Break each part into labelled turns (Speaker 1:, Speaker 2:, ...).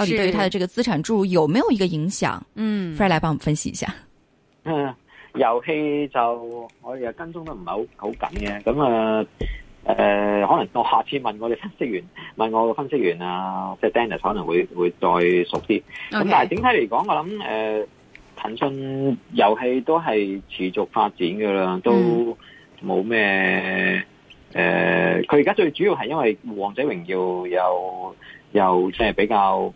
Speaker 1: 到底對於他的這個資產注入有沒有一個影響？嗯，Frank 來幫我們分析一下。嗯，
Speaker 2: 遊戲就我哋又跟蹤得唔係好好緊嘅，咁啊誒，可能到下次問我哋分析員，問我嘅分析員啊，即係 Dennis 可能會會再熟啲。咁、okay. 但係整體嚟講，我諗誒、呃、騰訊遊戲都係持續發展噶啦、嗯，都冇咩誒，佢而家最主要係因為《王者榮耀》又有有即係比較。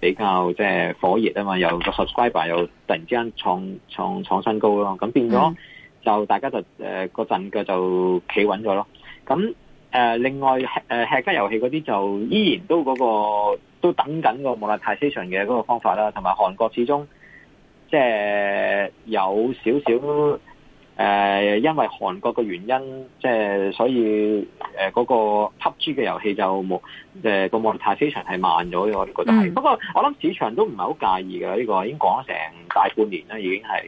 Speaker 2: 比較即係火熱啊嘛，有個 subscriber 又突然之間創創創新高咯，咁變咗就大家就誒、mm. 呃那個陣嘅就企穩咗咯。咁誒、呃、另外誒吃，吃雞遊戲嗰啲就依然都嗰、那個都等緊個冇 o 太市 l 嘅嗰個方法啦，同埋韓國始終即係有少少。誒、呃，因為韓國嘅原因，即、呃、係所以誒嗰、呃那個 PUBG 嘅遊戲就冇誒個 monetization 非常係慢咗我呢個都係。Mm. 不過我諗市場都唔係好介意嘅呢、這個已經了整大半年了，已經講咗成大半年啦，已經係。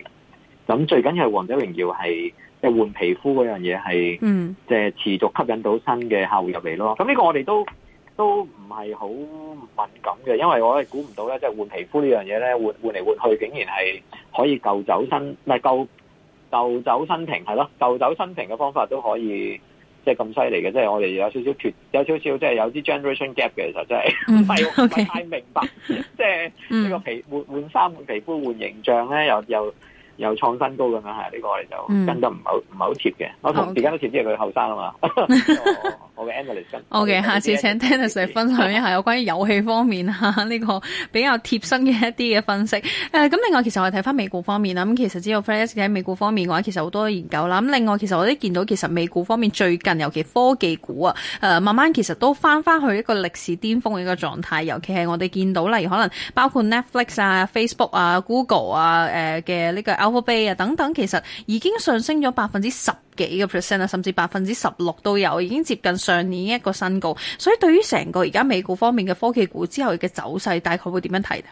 Speaker 2: 咁最緊要係《王者榮耀》係即係換皮膚嗰樣嘢係，嗯，即、呃、係、mm. 持續吸引到新嘅客戶入嚟咯。咁呢個我哋都都唔係好敏感嘅，因為我哋估唔到咧，即、就、係、是、換皮膚呢樣嘢咧，換換嚟換去竟然係可以救走新，唔係舊。舊酒新瓶係咯，舊酒新瓶嘅方法都可以，即係咁犀利嘅，即係我哋有少少脱，有少少即係有啲 generation gap 嘅時候，真係唔係唔係太明白，即係呢個皮、嗯、換換衫換皮膚換形象咧，又又。有創新高咁樣係，呢、這個我哋就跟得唔係唔係好貼嘅、okay. 我
Speaker 3: 同而家都貼啲係佢後生啊嘛。Okay, 我嘅 e n a l y s i s 好下次請 t e n n i s 成分享一下有 關於遊戲方面啊，呢、這個比較貼身嘅一啲嘅分析。誒，咁另外其實我哋睇翻美股方面啦，咁其實知道 f l a s 喺美股方面嘅話，其實好多研究啦。咁另外其實我哋見到其實美股方面最近，尤其科技股啊，誒慢慢其實都翻翻去一個歷史巔峰嘅一個狀態。尤其係我哋見到例如可能包括 Netflix 啊、Facebook 啊、Google 啊、誒嘅呢個。a p p 啊，等等，其實已經上升咗百分之十幾個 percent 啊，甚至百分之十六都有，已經接近上年一個新高。所以對於成個而家美股方面嘅科技股之後嘅走勢，大概會點樣睇咧？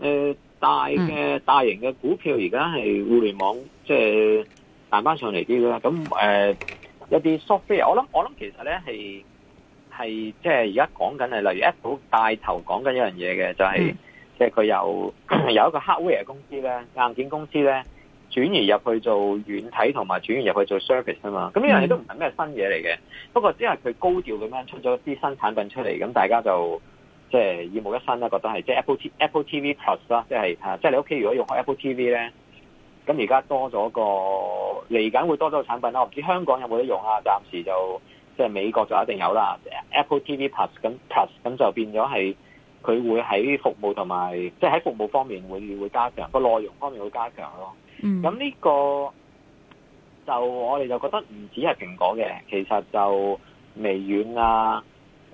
Speaker 2: 誒、呃，大嘅大型嘅股票而家係互聯網，即係彈返上嚟啲啦。咁誒，有、呃、啲 software，我諗我諗其實呢係係即係而家講緊係，例如 Apple 帶一股大頭講緊一樣嘢嘅，就係、是。嗯即係佢有有一個 hardware 公司咧，硬件公司咧轉移入去做軟體同埋轉移入去做 service 啊嘛，咁呢樣嘢都唔係咩新嘢嚟嘅。不過只係佢高調咁樣出咗啲新產品出嚟，咁大家就即係耳目一新啦，覺得係即係 Apple T Apple TV Plus 啦，即係嚇，即係你屋企如果用開 Apple TV 咧，咁而家多咗個嚟緊會多咗個產品啦。我唔知香港有冇得用啊？暫時就即係美國就一定有啦。Apple TV Plus 咁 Plus 咁就變咗係。佢會喺服務同埋，即係喺服務方面會會加強，個內容方面會加強咯。咁、嗯、呢個就我哋就覺得唔止係蘋果嘅，其實就微軟啊、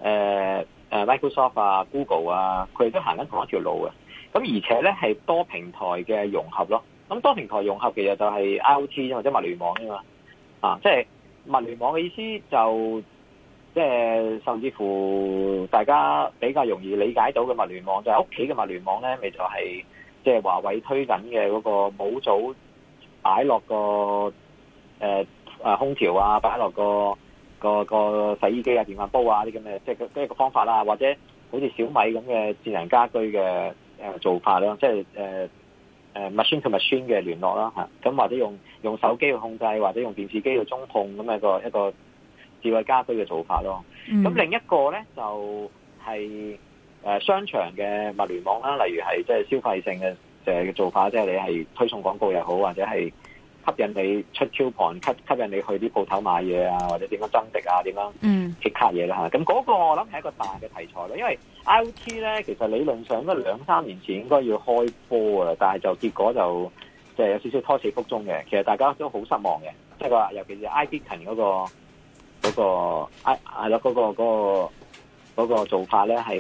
Speaker 2: 呃、Microsoft 啊、Google 啊，佢哋都行緊同一條路嘅。咁而且咧係多平台嘅融合咯。咁多平台融合其實就係 IoT 或者物聯網噶嘛。啊，即係物聯網嘅意思就。即係甚至乎大家比較容易理解到嘅物聯網，就係屋企嘅物聯網咧，咪就係即係華為推緊嘅嗰個模組擺落個誒啊空調啊，擺落個個個洗衣機啊、電飯煲啊啲咁嘅，即係嘅一個方法啦，或者好似小米咁嘅智能家居嘅誒做法啦，即係誒誒 machine to machine 嘅聯絡啦嚇，咁或者用用手機去控制，或者用電視機去中控咁一個一個智慧家居嘅做法咯，
Speaker 4: 咁、嗯、另
Speaker 2: 一個咧就係、是、誒商場嘅物聯網啦，例如係即係消費性嘅嘅做法，即、就、係、是、你係推送廣告又好，或者係吸引你出 coupon 吸吸引你去啲鋪頭買嘢啊，或者點樣增值啊，點樣即刻嘢啦嚇。咁、嗯、嗰個我諗係一個大嘅題材咯，因為 I O T 咧其實理論上都兩三年前應該要開波啊，但係就結果就就係有少少拖死腹中嘅，其實大家都好失望嘅，即係話尤其是 I B T 嗰個。嗰、那個係係咯，嗰、啊那個那個那個做法咧係，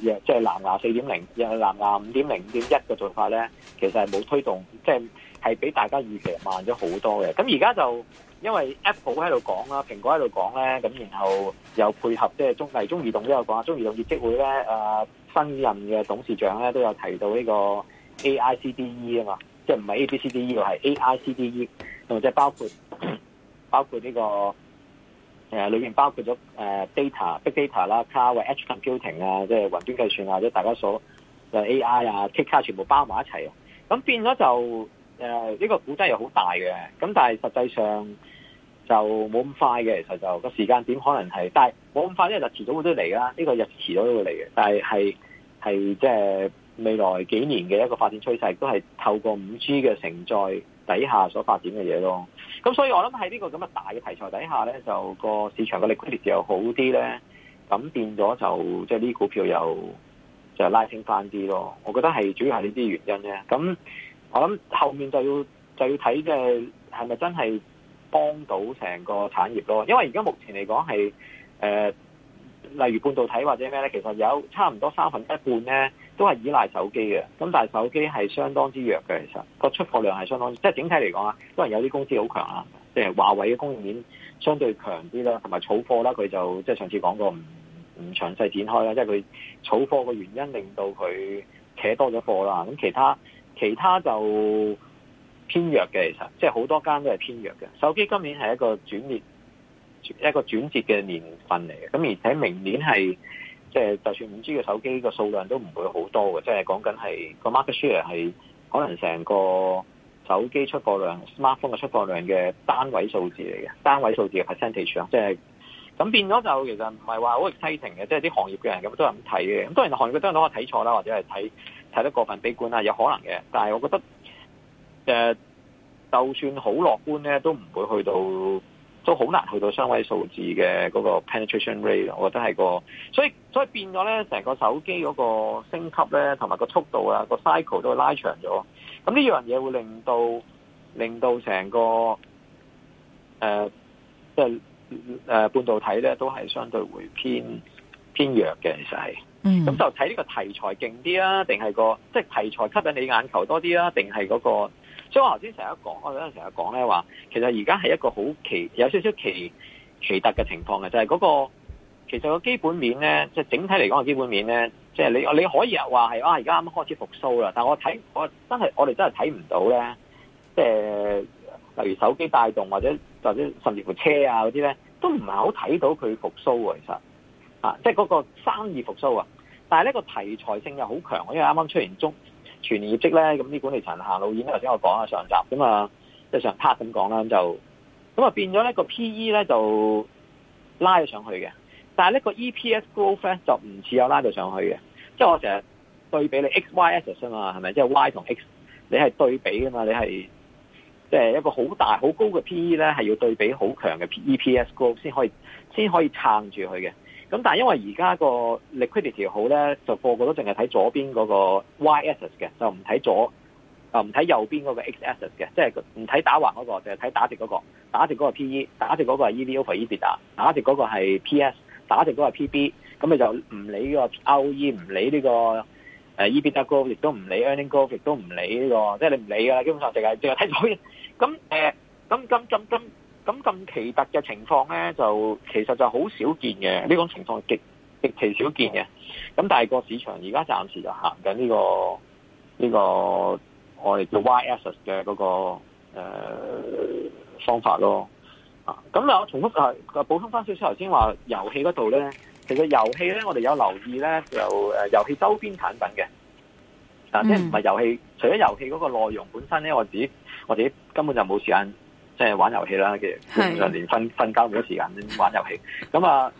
Speaker 2: 即係、就是、藍牙四點零，又藍牙五點零、五點一嘅做法咧，其實係冇推動，即係係比大家預期慢咗好多嘅。咁而家就因為 Apple 喺度講啦，蘋果喺度講咧，咁然後又配合即係、就是、中嚟中移動都有講，中移動業績會咧，誒、啊、新任嘅董事長咧都有提到呢個 AICDE 啊嘛，即係唔係 ABCDE，係 AICDE，同埋即係包括包括呢、這個。誒裏面包括咗 data、big data 啦、car、edge computing 啊，即係雲端計算啊，即大家所誒 AI 啊、take car 全部包埋一齊。咁變咗就誒呢、呃呢個估值又好大嘅。咁但係實際上就冇咁快嘅，其實就個時間點可能係，但係冇咁快，因為就遲早會都嚟啦。呢、呢個日遲早都會嚟嘅，但係係即係未來幾年嘅一個發展趨勢，都係透過 5G 嘅承載。底下所發展嘅嘢咯，咁所以我諗喺呢個咁嘅大嘅題材底下咧，就個市場嘅利規率又好啲咧，咁變咗就即係啲股票又就拉升返啲咯。我覺得係主要係呢啲原因啫。咁我諗後面就要就要睇即係係咪真係幫到成個產業咯。因為而家目前嚟講係誒，例如半導體或者咩咧，其實有差唔多三分一半咧。都係依賴手機嘅，咁但係手機係相當之弱嘅，其實個出貨量係相當，即係整體嚟講啊，當然有啲公司好強啦，即係華為嘅供應鏈相對強啲啦，同埋儲貨啦，佢就即係上次講過唔唔詳細展開啦，即係佢儲貨嘅原因令到佢扯多咗貨啦，咁其他其他就偏弱嘅，其實即係好多間都係偏弱嘅，手機今年係一個轉捩，一個轉折嘅年份嚟嘅，咁而且明年係。即係就算五 G 嘅手機個數量都唔會好多嘅，即係講緊係個 market share 係可能成個手機出貨量、smartphone 嘅出貨量嘅單位數字嚟嘅，單位數字嘅 percentage 啊，即係咁變咗就其實唔係話好 exciting 嘅，即係啲行業嘅人咁都係咁睇嘅。咁當然行業嘅人都可能睇錯啦，或者係睇睇得過分悲觀啦，有可能嘅。但係我覺得誒、呃，就算好樂觀咧，都唔會去到。都好難去到雙位數字嘅嗰個 penetration rate，我覺得係個，所以所以變咗咧，成個手機嗰個升級咧，同埋個速度啊，個 cycle 都會拉長咗。咁呢樣嘢會令到令到成個誒即係誒半導體咧，都係相對會偏偏弱嘅，其實係。嗯。咁就睇呢個題材勁啲啦定係個即係題材吸引你眼球多啲啦定係嗰個？所以我頭先成日講，我嗰陣成日講咧話，其實而家係一個好奇，有少少奇奇特嘅情況嘅，就係嗰個其實個基本面咧，即係整體嚟講個基本面咧，即係你你可以話係啊，而家啱啱開始復甦啦。但我睇我，我真係我哋真係睇唔到咧，即係例如手機帶動或者或者甚至乎車啊嗰啲咧，都唔係好睇到佢復甦喎。其實啊，即係嗰個生意復甦啊，但係呢個題材性又好強，因為啱啱出現中。全年業績咧，咁啲管理層行路遠，頭先我講下上集咁啊，即上 part 咁講啦，就咁啊變咗咧，個 P E 咧就拉咗上去嘅，但係呢個 E P S growth 咧就唔似有拉到上去嘅，即係我成日對比你 X Y S 啊嘛，係咪？即係 Y 同 X，你係對比㗎嘛，你係即係一個好大好高嘅 P E 咧，係要對比好強嘅 E P S growth 先可以先可以撐住佢嘅。咁但係因為而家個 liquidity 好呢，就個個都淨係睇左邊嗰個 Y axis 嘅，就唔睇左，啊唔睇右邊嗰個 X axis 嘅，即係唔睇打橫嗰個，淨係睇打直嗰個，打直嗰個 PE，打直嗰個係 EV over EBITDA，打直嗰個係 PS，打直嗰個係 PB，咁你就唔理呢個 ROE，唔理呢個誒 EBITDA goal，亦都唔理 earning goal，亦都唔理呢個，即係你唔理㗎啦，基本上淨係淨係睇左嘅。咁誒，咁今今今咁咁奇特嘅情況咧，就其實就好少見嘅，呢種情況極極其少見嘅。咁但係個市場而家暫時就行緊、呢個、呢個呢、呢個我哋叫 y a s 嘅嗰個、呃、方法咯。啊，咁啊，我重複啊，補充返少少頭先話遊戲嗰度咧，其實遊戲咧我哋有留意咧，有誒、呃、遊戲周邊產品嘅，
Speaker 3: 但即係唔係遊
Speaker 2: 戲，嗯、除咗遊戲嗰個內容本身咧，我自己我自己根本就冇時間。即係玩遊戲啦，其實上年瞓瞓覺好多時間玩遊戲。咁啊，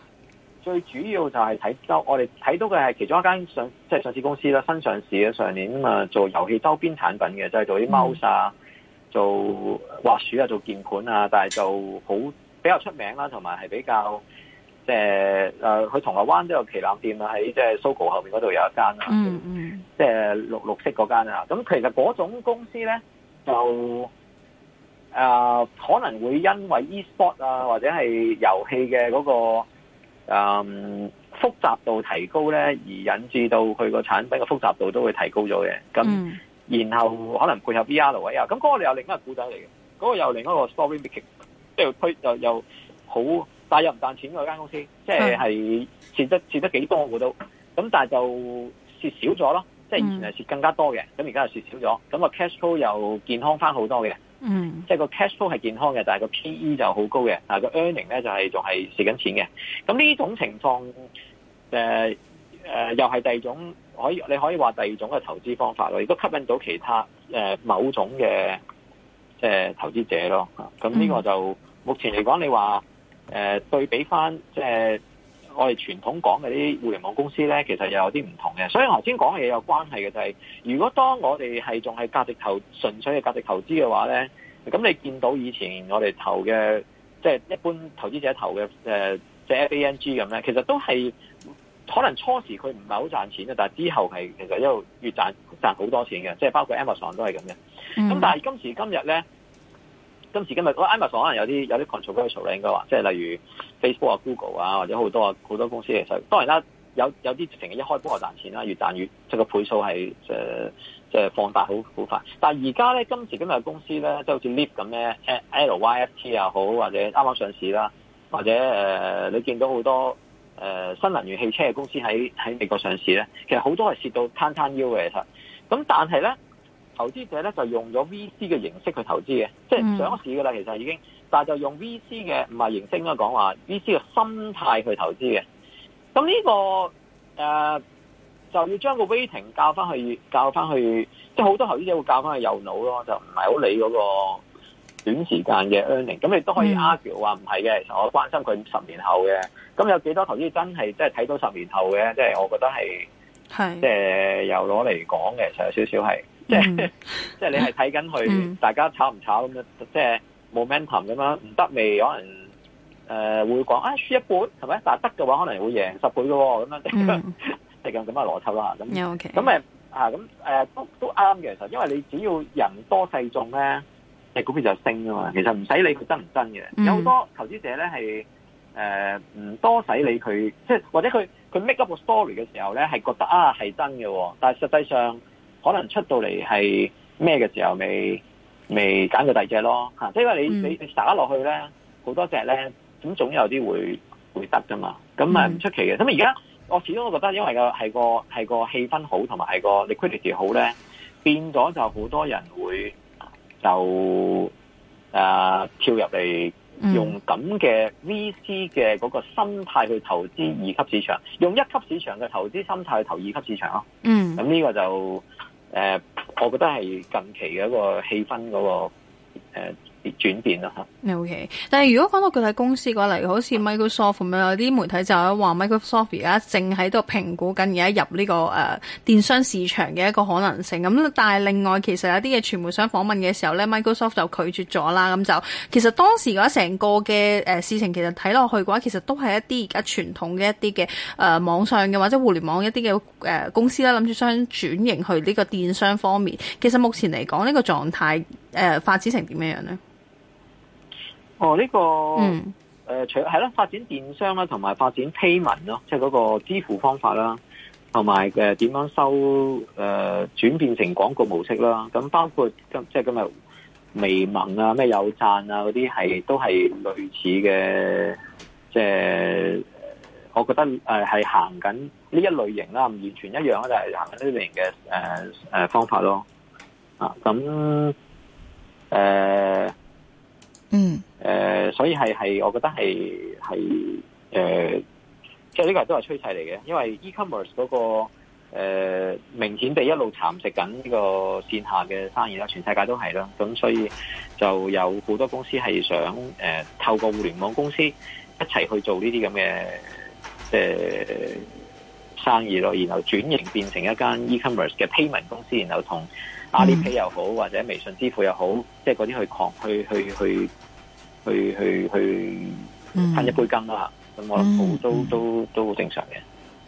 Speaker 2: 最主要就係睇周，我哋睇到嘅係其中一間上即係上市公司啦，新上市嘅上年咁啊，做遊戲周邊產品嘅，就係、是、做啲 mouse 啊，做滑鼠啊，做鍵盤啊，但係就好比較出名啦，同埋係比較即係誒，佢銅鑼灣都有旗艦店啦，喺即係 Sogo 後面嗰度有一間啦，即係綠綠色嗰間啊。咁其實嗰種公司咧就。誒、呃，可能會因為 E-sport 啊，或者係遊戲嘅嗰個誒、嗯、複雜度提高咧，而引致到佢個產品嘅複雜度都會提高咗嘅。咁、mm. 然後可能配合 VR 啊，咁嗰個又另一個故仔嚟嘅，嗰、那個又是另一個 story making 即係推又又好，但又唔賺錢嗰間公司，mm. 即係係蝕得蝕得幾多我都，咁但係就蝕少咗咯，即係以前係蝕更加多嘅，咁而家又蝕少咗，咁、那、啊、個、cash flow 又健康翻好多嘅。嗯，即係個 cash flow 係健康嘅，但係個 PE 就好高嘅，但係個 earning 咧就係仲係蝕緊錢嘅。咁呢種情況，誒、呃、誒、呃，又係第二種，可以你可以話第二種嘅投資方法咯。亦都吸引到其他誒、呃、某種嘅即、呃、投資者咯，咁呢個就目前嚟講，你話誒對比翻即係。呃 我哋傳統講嘅啲互聯網公司咧，其實又有啲唔同嘅，所以頭先講嘅嘢有關係嘅就係，如果當我哋係仲係價值投純粹嘅價值投資嘅話咧，咁你見到以前我哋投嘅，即係一般投資者投嘅，誒，即係 FANG 咁咧，其實都係可能初時佢唔係好賺錢嘅，但係之後係其實一路越賺賺好多錢嘅，即係包括 Amazon 都係咁嘅，咁但係今時今日咧。今時今日，個 Amazon 可能有啲有啲 controversial 應該話，即係例如 Facebook 啊、Google 啊，或者好多好多公司其實，當然啦，有有啲直情一開波就賺錢啦，越賺越即係個倍數係即係即係放大好好快。但係而家咧，今時今日公司咧，即係好似 Leap 咁咧，L Y F T 又好，或者啱啱上市啦，或者誒、呃、你見到好多誒、呃、新能源汽車嘅公司喺喺美國上市咧，其實好多係蝕到攤攤腰嘅其實。咁但係咧。投資者咧就用咗 VC 嘅形式去投資嘅，即係唔上市噶啦，其實已經，但係就用 VC 嘅唔係形式應該講話，VC 嘅心態去投資嘅。咁呢、這個誒、呃、就要將個 waiting 教翻去，教翻去，即係好多投資者會教翻去右腦咯，就唔係好理嗰個短時間嘅 earning。咁你都可以 argue 話唔係嘅，我關心佢十年後嘅。咁有幾多投資者真係即係睇到十年後嘅？即係我覺得係，即係右攞嚟講嘅，就有少少係。 即係即係你係睇緊佢大家炒唔炒咁、就是、樣，即係 momentum 咁樣，唔得未可能誒會講啊輸一半係咪？但係得嘅話，可能會贏十倍嘅咁樣，咁咁嘅邏輯啦咁。咁 誒、yeah, okay. 啊咁誒、啊啊、都都啱嘅其實，因為你只要人多勢眾咧，隻股票就升噶嘛。其實唔使理佢真唔真嘅，有好多投資者咧係誒唔多使理佢，即係或者佢佢 make up 個 story 嘅時候咧係覺得啊係真嘅、哦，但係實際上。可能出到嚟係咩嘅時候未未揀到第二隻咯嚇，即係因為你你、嗯、你打落去咧，好多隻咧，咁總有啲會會得噶嘛，咁啊唔出奇嘅。咁而家我始終都覺得，因為個係個係個氣氛好，同埋係個 liquidity 好咧，變咗就好多人會就誒、啊、跳入嚟用咁嘅 VC 嘅嗰個心態去投資二級市場，嗯、用一級市場嘅投資心態去投二級市場咯。嗯，咁呢個就～呃、uh, 我覺得係近期嘅一個氣氛的、嗰個呃、uh 轉
Speaker 3: 變啦嚇。O、okay, K. 但係如果講到具體公司嘅話，例如好似 Microsoft 咁樣，有啲媒體就喺話 Microsoft 而家正喺度評估緊而家入呢、呢個誒、呃、電商市場嘅一個可能性。咁但係另外其實有啲嘅傳媒想訪問嘅時候咧，Microsoft 就拒絕咗啦。咁就其實當時嘅話整的，成個嘅誒事情其實睇落去嘅話，其實都係一啲而家傳統嘅一啲嘅誒網上嘅或者互聯網一啲嘅誒公司啦，諗住想轉型去呢個電商方面。其實目前嚟講呢個狀態誒、呃、發展成點樣樣咧？
Speaker 2: 哦、oh, 這個，呢個誒除係啦，發展電商啦，同埋發展 payment 咯，即係嗰個支付方法啦，同埋誒點樣收誒、呃、轉變成廣告模式啦。咁包括今即係今日微盟啊、咩有贊啊嗰啲，係都係類似嘅，即、就、係、是、我覺得誒係行緊呢一類型啦，唔完全一樣啦，就係行緊呢類型嘅誒誒方法咯。啊，咁、呃、誒。嗯，誒，所以係係我覺得係係誒即係呢個都係趨勢嚟嘅，因為 e-commerce 嗰、那個誒、呃、明顯地一路蠶食緊呢個線下嘅生意啦，全世界都係啦，咁所以就有好多公司係想誒、呃、透過互聯網公司一齊去做呢啲咁嘅誒。呃生意咯，然後轉型變成一間 e-commerce 嘅 payment 公司，然後同阿里 pay 又好或者微信支付又好，即係啲去狂去去去去去去分一杯羹啦。咁我好都都都好正常嘅。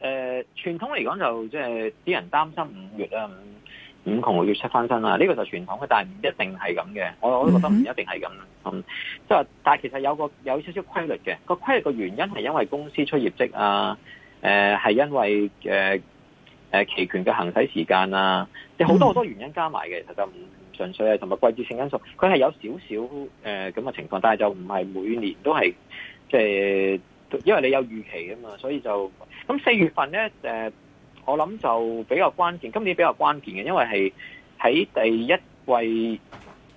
Speaker 2: 誒、呃，傳統嚟講就即係啲人擔心五月五五窮六月七翻身啊，呢、這個就傳統嘅，但係唔一定係咁嘅。我我都覺得唔一定係咁，即係但係其實有個有少少規律嘅，個規律嘅原因係因為公司出業績啊，誒、呃，係因為誒誒、呃、期權嘅行使時間啊，有好多好多原因加埋嘅，其實唔純粹啊，同埋季節性因素，佢係有少少誒咁嘅情況，但係就唔係每年都係即係。因為你有預期啊嘛，所以就咁四月份咧、呃，我諗就比較關鍵，今年比較關鍵嘅，因為係喺第一季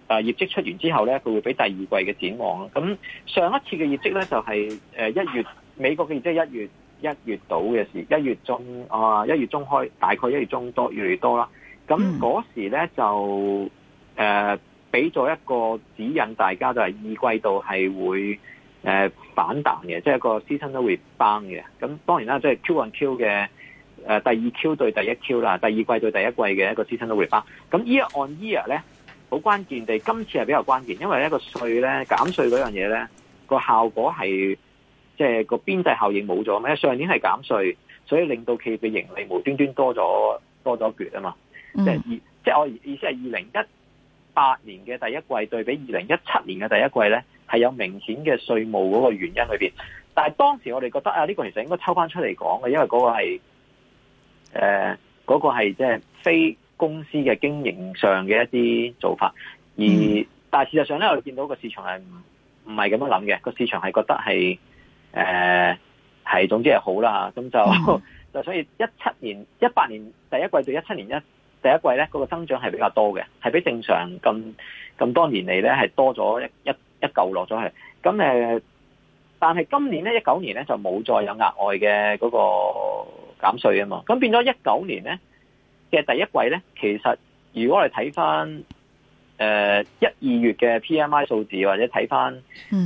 Speaker 2: 啊、呃、業績出完之後咧，佢會俾第二季嘅展望。咁上一次嘅業績咧，就係誒一月美國嘅業績係一月，一月一月到嘅時候，一月中啊，一月中開，大概一月中多，越嚟越多啦。咁嗰時咧就誒俾咗一個指引，大家就係、是、二季度係會誒反彈嘅，即係個 seasonal rebound 嘅。咁當然啦，即係 Q on Q 嘅第二 Q 對第一 Q 啦，第二季對第一季嘅一個 seasonal rebound。咁 year on year 咧，好關鍵地，今次係比較關鍵，因為稅呢個稅咧減稅嗰樣嘢咧個效果係即係個邊際效應冇咗啊嘛。上年係減稅，所以令到企業嘅盈利無端端多咗多咗缺啊嘛。即係二，即係我意思係二零一八年嘅第一季對比二零一七年嘅第一季咧。係有明顯嘅稅務嗰個原因裏邊，但係當時我哋覺得啊，呢個其實應該抽翻出嚟講嘅，因為嗰個係誒、呃、個係即係非公司嘅經營上嘅一啲做法，而但係事實上咧，我哋見到個市場係唔唔係咁樣諗嘅，個市場係覺得係誒係，總之係好啦，咁就就、嗯、 所以一七年一八年第一季到一七年一第一季咧，嗰個增長係比較多嘅，係比正常咁咁多年嚟咧係多咗一一。一嚿落咗去，咁但係今年咧，一九年咧就冇再有額外嘅嗰個減稅啊嘛，咁變咗一九年咧嘅第一季咧，其實如果我哋睇翻誒一二月嘅 PMI 數字，或者睇翻、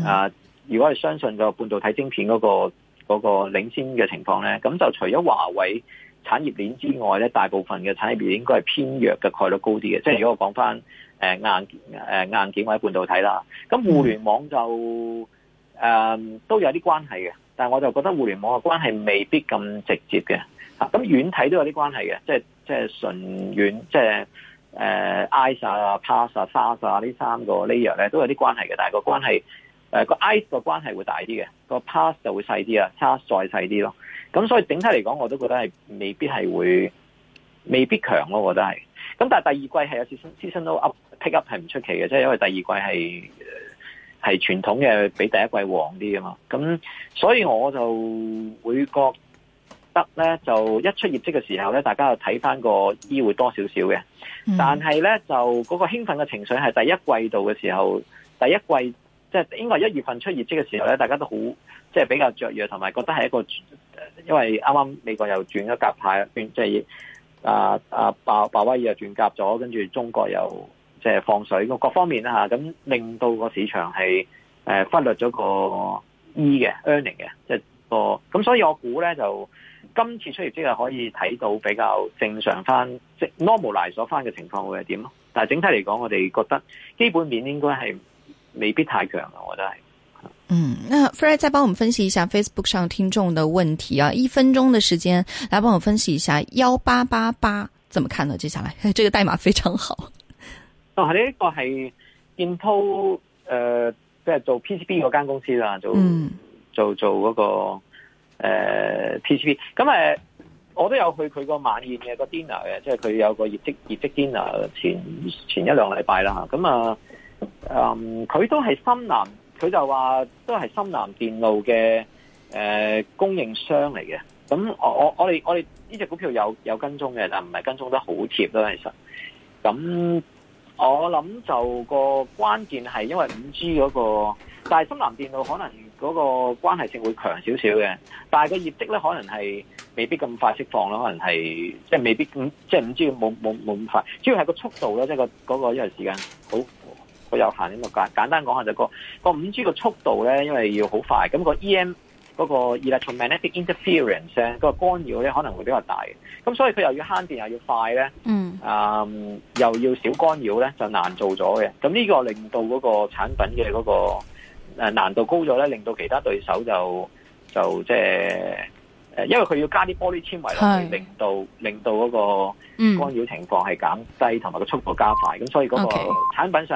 Speaker 2: 啊、如果係相信個半導體晶片嗰個嗰個領先嘅情況咧，咁就除咗華為產業鏈之外咧，大部分嘅產業鏈應該係偏弱嘅概率高啲嘅，即係如果我講翻。誒硬誒硬件，或者半導體啦，咁互聯網就誒、嗯嗯、都有啲關係嘅，但係我就覺得互聯網嘅關係未必咁直接嘅，咁遠睇都有啲關係嘅，即係即係純遠，即係誒 IaaS 啊、PaaS 啊、SaaS、啊、呢、啊、三個 layer 咧都有啲關係嘅，但係個關係誒個 IaaS 個關係會大啲嘅，個 PaaS 就會細啲啊，SaaS 再細啲咯，咁所以整體嚟講，我都覺得係未必係會未必強咯，我覺得係。咁但係第二季係有次身都 up pick up 係唔出奇嘅，即、就、係、是、因為第二季係係傳統嘅比第一季旺啲啊嘛，咁所以我就會覺得咧就一出業績嘅時候咧，大家睇翻個醫會多少少嘅，嗯，但係咧就嗰個興奮嘅情緒係第一季度嘅時候，第一季即係、就是、應該一月份出業績嘅時候咧，大家都好即係比較雀躍，同埋覺得係一個，因為啱啱美國又轉咗夾派。即係。啊啊，鮑、啊、鮑威爾又轉夾咗，跟住中國又即係放水，個各方面啊，咁令到個市場係誒忽略咗個 E 嘅 earning 嘅，即、就、係、是、個咁，所以我估咧就今次出業即係可以睇到比較正常翻即係、就是、normalize 所翻嘅情況會係點咯？但係整體嚟講，我哋覺得基本面應該係未必太強嘅，我覺得係。
Speaker 1: 嗯，那 Fred 再幫我們分析一下 Facebook 上聽眾的問題啊，一分鐘的時間，來幫我分析一下幺八八八怎麼看呢？接下來，這個代碼非常好。
Speaker 2: 哦，呢、這、一個係建滔，誒即係做 PCB 嗰間公司啦，做、
Speaker 1: 嗯、
Speaker 2: 做做嗰、那個誒、呃、PCB。咁誒，我都有去佢個晚宴嘅個 dinner 嘅，即係佢有個業績業績 dinner 前前一兩禮拜啦吓，咁啊，佢、呃嗯、都係深藍。佢就話都係深南電路嘅誒供應商嚟嘅，咁我我我哋我哋呢隻股票有有跟蹤嘅，但唔係跟蹤得好貼咯，其實。咁我諗就個關鍵係因為五 G 嗰個，但係深南電路可能嗰個關係性會強少少嘅，但係個業績咧可能係未必咁快釋放咯，可能係即係未必即係五 G 冇冇冇咁快，主要係個速度咧，即係嗰個因為時間好。我有限呢個簡單講下就個個五 G 個速度咧，因為要好快，咁個 EM 嗰個 electromagnetic interference，個干擾咧可能會比較大，咁所以佢又要慳電又要快咧，嗯，啊、嗯、又要少干擾咧就難做咗嘅。咁呢個令到嗰個產品嘅嗰個難度高咗咧，令到其他對手就就即係因為佢要加啲玻璃纖維嚟令到令到嗰個干擾情況係減低，同埋個速度加快，咁所以嗰個產品上。